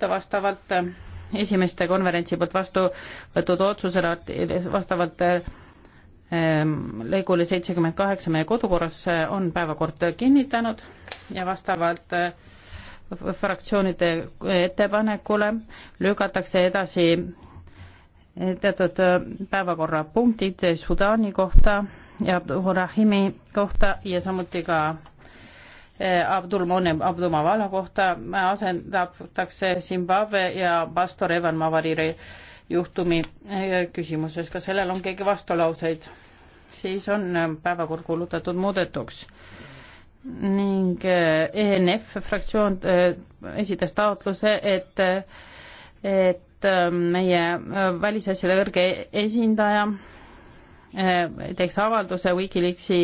juurde vastavalt äh, esimeste konverentsi poolt vastu võetud otsusele vastavalt ähm, lõigule seitsekümmend kaheksa meie kodukorras äh, on päevakord kinnitanud ja vastavalt äh, fraktsioonide ettepanekule lükatakse edasi teatud päevakorrapunktid Sudaani kohta ja Rahimi kohta ja samuti ka Eh, Abdul Monem Abdumavala kohta asendatakse Zimbabwe ja pastor Evan Mavarire juhtumi eh, küsimuses, kas sellel on keegi vastulauseid? siis on eh, päevakord kuulutatud muudetuks ning ENF e fraktsioon esitas taotluse, et et meie välisasjade kõrge esindaja teeks avalduse Wikileaksi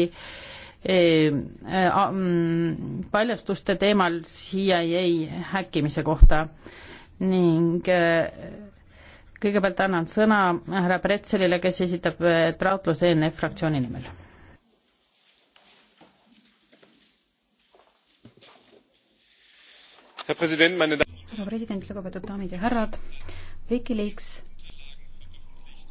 Mm, paljastuste teemal CIA häkkimise kohta ning äh, kõigepealt annan sõna härra Pretzelile, kes esitab äh, taotluse ENF fraktsiooni nimel. härra president, lugupeetud daamid ja härrad, Wikileaks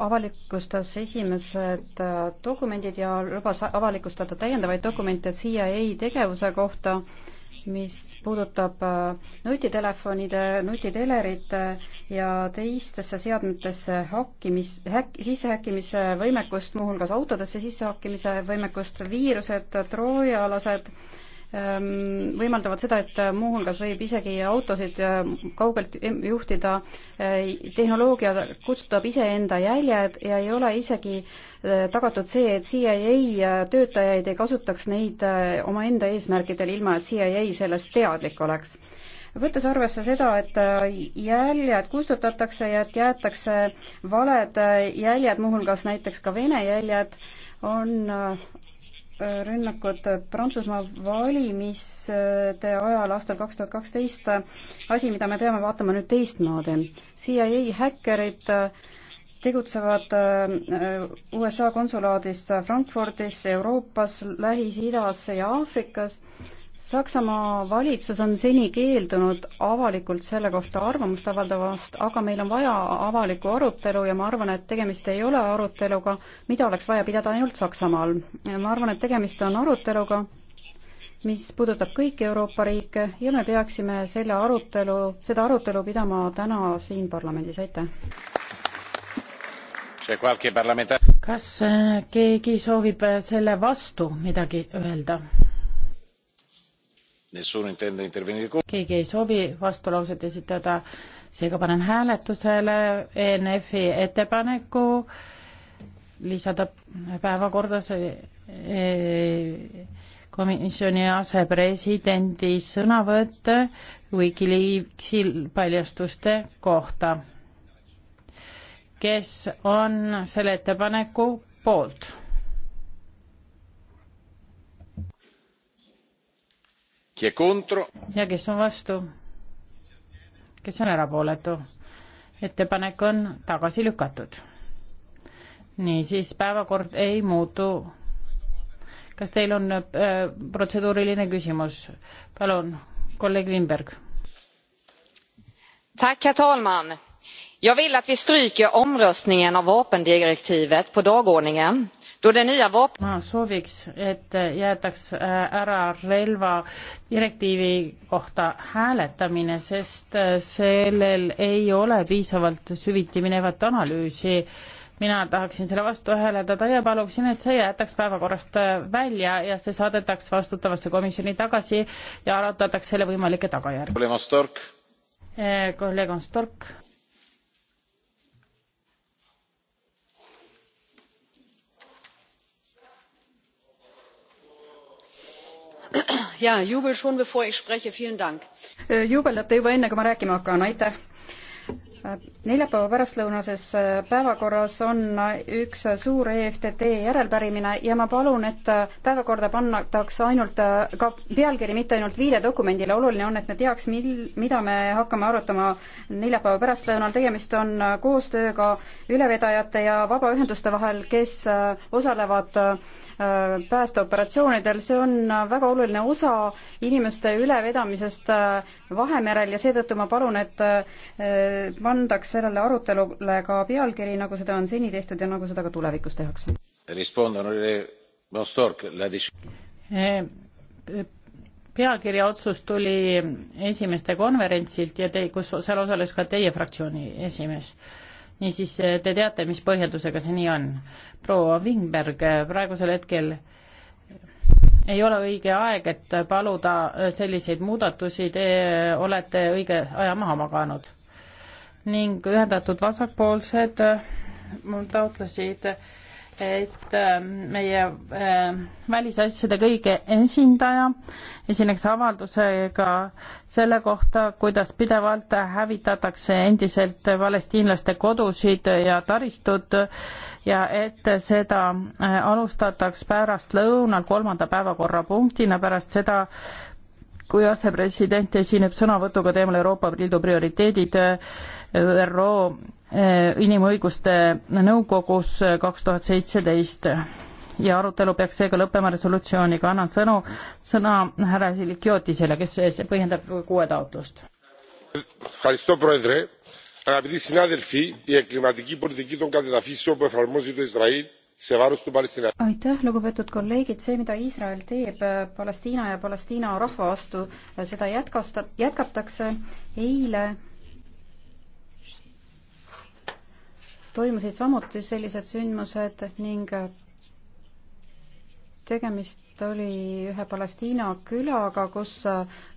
avalikustas esimesed äh, dokumendid ja lubas avalikustada täiendavaid dokumente CIA tegevuse kohta, mis puudutab äh, nutitelefonide, nutitelerite ja teistesse seadmetesse hakkimis, häkk, sissehäkkimise võimekust, muuhulgas autodesse sissehakkimise võimekust, viirused, troojalased äh,, Ähm, võimaldavad seda, et muuhulgas võib isegi autosid ähm, kaugelt juhtida, äh, tehnoloogia kustutab iseenda jäljed ja ei ole isegi äh, tagatud see, et CIA äh, töötajaid ei kasutaks neid omaenda eesmärkidel, ilma et CIA sellest teadlik oleks võttes arvesse seda, et jäljed kustutatakse ja et jäetakse valed jäljed, muuhulgas näiteks ka vene jäljed, on rünnakud Prantsusmaa valimiste ajal aastal kaks tuhat kaksteist, asi, mida me peame vaatama nüüd teistmoodi. CIA häkkerid tegutsevad äh, USA konsulaadis Frankfurdis, Euroopas, Lähis-Idas ja Aafrikas Saksamaa valitsus on seni keeldunud avalikult selle kohta arvamust avaldavast, aga meil on vaja avalikku arutelu ja ma arvan, et tegemist ei ole aruteluga, mida oleks vaja pidada ainult Saksamaal. ma arvan, et tegemist on aruteluga, mis puudutab kõiki Euroopa riike ja me peaksime selle arutelu, seda arutelu pidama täna siin parlamendis, aitäh! kas eh, keegi soovib eh, selle vastu midagi öelda? keegi ei soovi vastulauset esitada, seega panen hääletusele ENF-i ettepaneku lisada päevakorda see e, komisjoni asepresidendi sõnavõtt Wikileaksi paljastuste kohta. kes on selle ettepaneku poolt? ja kes on vastu? kes on erapooletu? ettepanek on tagasi lükatud. niisiis, päevakord ei muutu. kas teil on äh, protseduuriline küsimus? palun, kolleeg Wimberg. Tack, herr talman! Jag vill att vi stryker omröstningen av vapendirektivet på dagordningen ma sooviks, et jäetaks äh, ära relva direktiivi kohta hääletamine, sest äh, sellel ei ole piisavalt süviti minevat analüüsi mina tahaksin selle vastu hääletada ja paluksin, et see jäetaks päevakorrast äh, välja ja see saadetaks vastutavasse komisjoni tagasi ja arutataks selle võimalikke tagajärgi. kolleeg on Stork. kolleeg on Stork juubeldate äh, juba enne kui ma rääkima hakkan aitäh! neljapäeva pärastlõunases äh, päevakorras on äh, üks äh, suur EFTT järelpärimine ja ma palun, et päevakorda pannakse ainult ka pealkiri, mitte ainult viide dokumendile. oluline on, et me teaks, mil, mida me hakkame arutama neljapäeva pärastlõunal. tegemist on koostööga ülevedajate ja vabaühenduste vahel, kes osalevad päästeoperatsioonidel. see on väga oluline osa inimeste ülevedamisest Vahemerel ja seetõttu ma palun, et pandaks sellele arutelule ka pealkiri, nagu seda on seni tehtud ja nagu seda ka tulevikus tehakse. E, e, pealkirja otsus tuli esimeste konverentsilt ja te, kus seal osales ka teie fraktsiooni esimees. niisiis e, te teate, mis põhjendusega see nii on. proua Wingberg, praegusel hetkel ei ole õige aeg, et paluda selliseid muudatusi, te olete õige aja maha maganud ning ühendatud vasakpoolsed äh, mul taotlesid, et äh, meie äh, välisasjade kõige esindaja esineks avaldusega selle kohta, kuidas pidevalt hävitatakse endiselt palestiinlaste kodusid ja taristud ja et seda alustataks pärast lõunal kolmanda päevakorrapunktina pärast seda, kui asepresident esineb sõnavõtuga teemal Euroopa Liidu prioriteedid ÜRO eh, inimõiguste nõukogus eh, kaks tuhat seitseteist ja arutelu peaks seega lõppema resolutsiooniga. annan sõnu, sõna härra Silikiotisele, kes eh, põhjendab kuue taotlust. Αγαπητοί συνάδελφοι, η εγκληματική πολιτική των κατεδαφίσεων που εφαρμόζει το Ισραήλ aitäh, lugupeetud kolleegid, see, mida Iisrael teeb äh, Palestiina ja Palestiina rahva vastu, äh, seda jätkasta, jätkatakse. eile toimusid samuti sellised sündmused ning äh, tegemist oli ühe Palestiina külaga, kus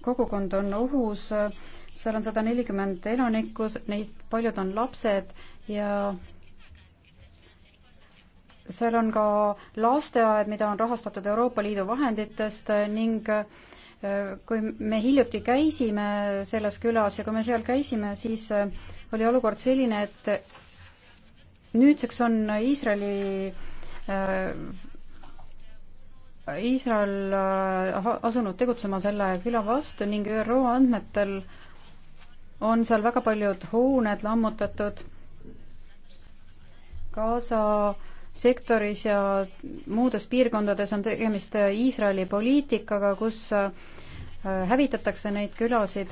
kogukond on ohus, seal on sada nelikümmend elanikku, neist paljud on lapsed ja seal on ka lasteaed, mida on rahastatud Euroopa Liidu vahenditest ning eh, kui me hiljuti käisime selles külas ja kui me seal käisime, siis eh, oli olukord selline, et nüüdseks on Iisraeli eh, Iisrael asunud tegutsema selle küla vastu ning ÜRO andmetel on seal väga paljud hooned lammutatud. Gaza äh, sektoris ja muudes piirkondades on tegemist Iisraeli poliitikaga, kus äh, hävitatakse neid külasid.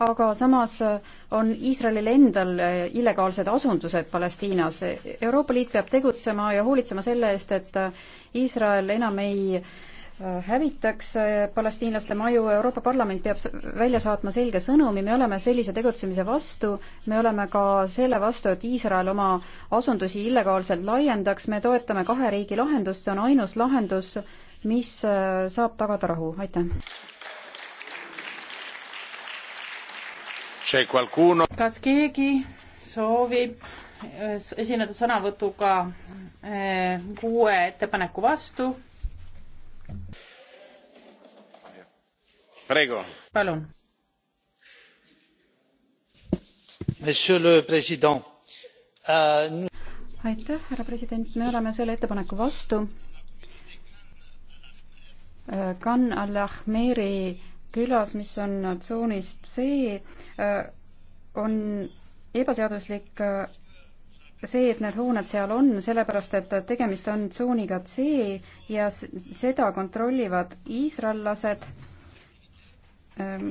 aga samas äh, on Iisraelil endal äh, illegaalsed asundused Palestiinas. Euroopa Liit peab tegutsema ja hoolitsema selle eest, et Iisrael enam ei äh, hävitakse äh, palestiinlaste maju, Euroopa Parlament peab välja saatma selge sõnumi, me oleme sellise tegutsemise vastu, me oleme ka selle vastu, et Iisrael oma asundusi illegaalselt laiendaks, me toetame kahe riigi lahendust, see on ainus lahendus, mis äh, saab tagada rahu, aitäh. kas keegi soovib äh, esineda sõnavõtuga kuue ettepaneku vastu? palun! Euh, aitäh härra president me oleme selle ettepaneku vastu. Äh, Khan al Ahmeri külas, mis on tsoonist C, äh, on ebaseaduslik äh, see, et need hooned seal on, sellepärast et tegemist on tsooniga C ja seda kontrollivad iisraellased. Ehm,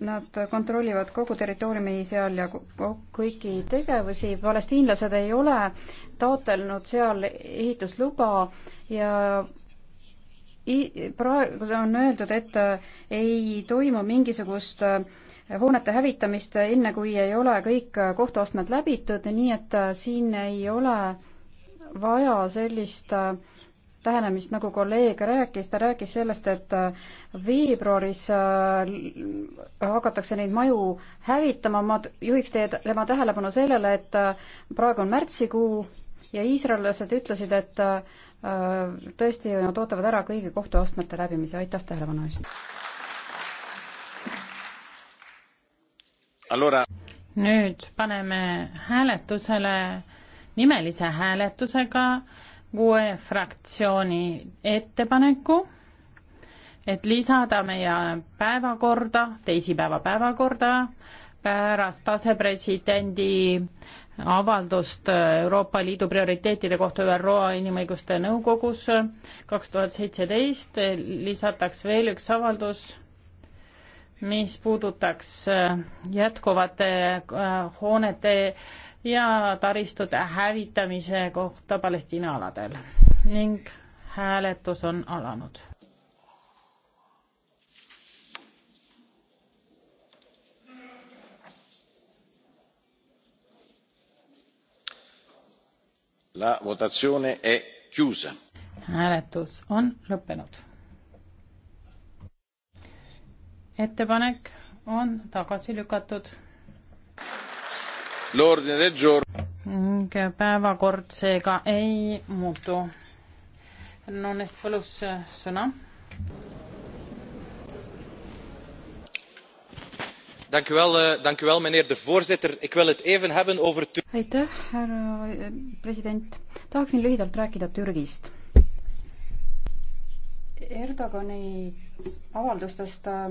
nad kontrollivad kogu territooriumi seal ja kõiki tegevusi, palestiinlased ei ole taotlenud seal ehitusluba ja praegu on öeldud, et ei toimu mingisugust äh, hoonete hävitamist, enne kui ei ole kõik kohtuastmed läbitud, nii et äh, siin ei ole vaja sellist äh, lähenemist, nagu kolleeg rääkis, ta rääkis sellest, et äh, veebruaris hakatakse neid maju hävitama, ma juhiks teie, tema tähelepanu sellele, et praegu on märtsikuu ja iisraellased ütlesid, et tõesti nad ootavad ära kõigi kohtuastmete läbimise, aitäh tähelepanu eest! Allora... nüüd paneme hääletusele nimelise hääletusega kuue fraktsiooni ettepaneku, et lisada meie päevakorda, teisipäeva päevakorda pärast asepresidendi avaldust Euroopa Liidu prioriteetide kohta ÜRO Inimõiguste Nõukogus kaks tuhat seitseteist lisatakse veel üks avaldus mis puudutaks äh, jätkuvate äh, hoonete ja taristute hävitamise kohta Palestiina aladel ning hääletus on alanud. La votazione è chiusa. hääletus on lõppenud. ettepanek on tagasi lükatud. ning päevakord seega ei muutu. Nonnes palus sõna. Eh, voorzitter ik wil het even hebben over. aitäh härra president tahaksin lühidalt rääkida türgist. Erdogani avaldustest äh,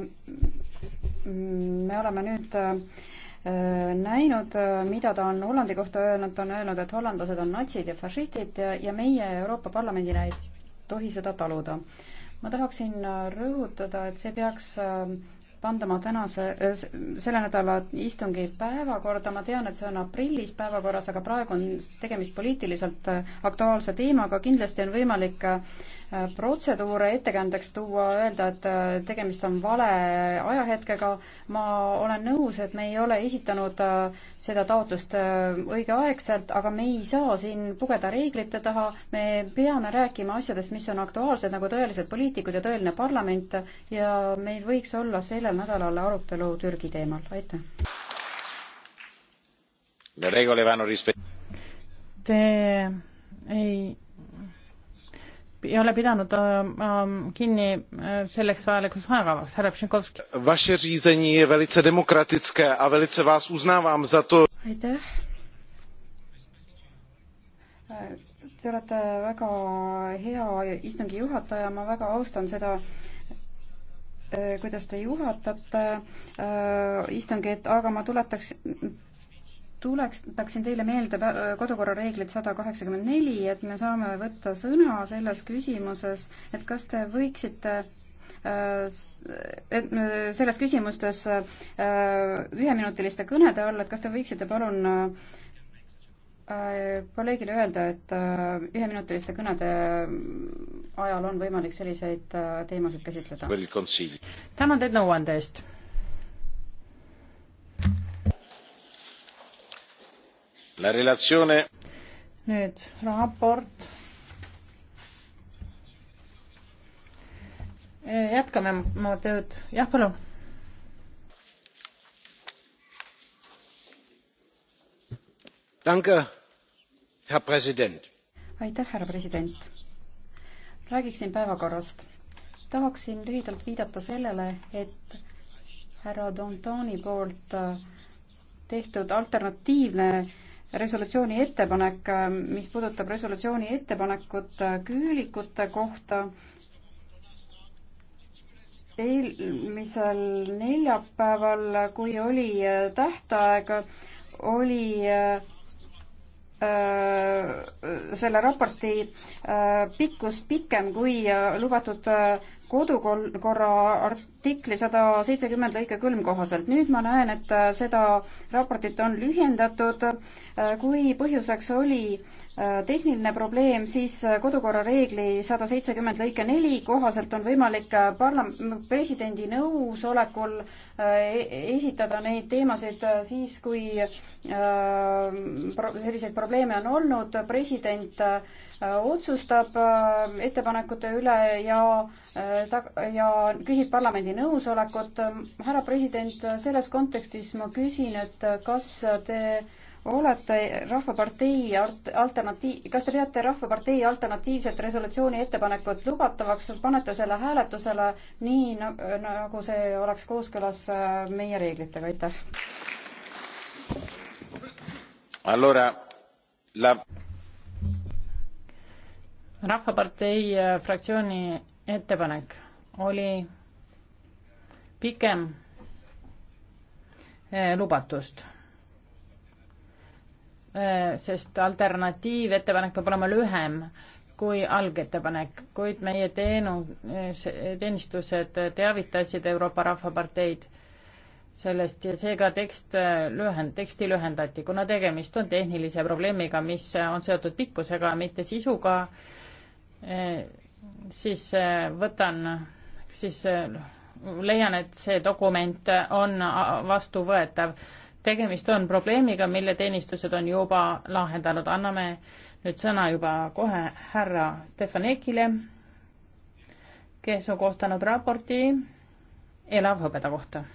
me oleme nüüd äh, näinud, äh, mida ta on Hollandi kohta öelnud, ta on öelnud, et hollandlased on natsid ja fašistid ja, ja meie Euroopa Parlamendina ei tohi seda taluda. ma tahaksin rõhutada, et see peaks pandama tänase, selle nädala istungi päevakorda, ma tean, et see on aprillis päevakorras, aga praegu on tegemist poliitiliselt aktuaalse teemaga, kindlasti on võimalik äh, protseduure ettekäändeks tuua, öelda, et äh, tegemist on vale ajahetkega. ma olen nõus, et me ei ole esitanud äh, seda taotlust äh, õigeaegselt, aga me ei saa siin pugeda reeglite taha. me peame rääkima asjadest, mis on aktuaalsed, nagu tõelised poliitikud ja tõeline parlament ja meil võiks olla sellel nädalal arutelu Türgi teemal. aitäh! Te ei ei ole pidanud äh, äh, kinni äh, selleks vajalikust ajakavast. härra Pšenkovski. Vaše řízení je velice demokratické a velice vás uznávám za to. aitäh. Te olete väga hea istungi juhataja, ma väga austan seda kuidas te juhatate äh, istungit, aga ma tuletaks tuletaksin teile meelde kodukorra reeglit sada kaheksakümmend neli, et me saame võtta sõna selles küsimuses, et kas te võiksite äh, et äh, selles küsimustes äh, üheminutiliste kõnede all, et kas te võiksite palun kolleegile öelda, et üheminutiliste kõnede ajal on võimalik selliseid teemasid käsitleda? tänan teid nõuande eest Relazione... nüüd raport. Eh, jätkame oma tööd, jah, palun. aitäh, härra president. räägiksin päevakorrast. tahaksin lühidalt viidata sellele, et härra Dontoni poolt äh, tehtud alternatiivne resolutsiooni ettepanek, mis puudutab resolutsiooni ettepanekut küülikute kohta. eelmisel neljapäeval, kui oli tähtaeg, oli äh, selle raporti äh, pikkus pikem kui äh, lubatud kodukorra art-, artikli sada seitsekümmend lõike kolm kohaselt. nüüd ma näen, et äh, seda raportit on lühendatud. Äh, kui põhjuseks oli äh, tehniline probleem, siis kodukorra reegli sada seitsekümmend lõike neli kohaselt on võimalik parla-, presidendi nõusolekul e-, esitada neid teemasid siis, kui selliseid probleeme on olnud. president otsustab ettepanekute üle ja ta ja küsib parlamendi parlamendi nõusolekut. härra president, selles kontekstis ma küsin, et kas te olete Rahvapartei alternatiiv, kas te peate Rahvapartei alternatiivset resolutsiooni ettepanekut lubatavaks, panete selle hääletusele nii nagu see oleks kooskõlas äh, meie reeglitega, aitäh. Allora la.... rahvapartei äh, fraktsiooni ettepanek oli pikem eh, lubatust. Eh, sest alternatiivettepanek peab olema lühem kui algettepanek, kuid meie teenu-, eh, teenistused teavitasid Euroopa Rahvaparteid sellest ja seega tekst lühend, teksti lühendati, kuna tegemist on tehnilise probleemiga, mis on seotud pikkusega, mitte sisuga, siis võtan, siis leian, et see dokument on vastuvõetav. tegemist on probleemiga, mille teenistused on juba lahendanud. anname nüüd sõna juba kohe härra Stefanekile, kes on koostanud raporti elav hõbeda kohta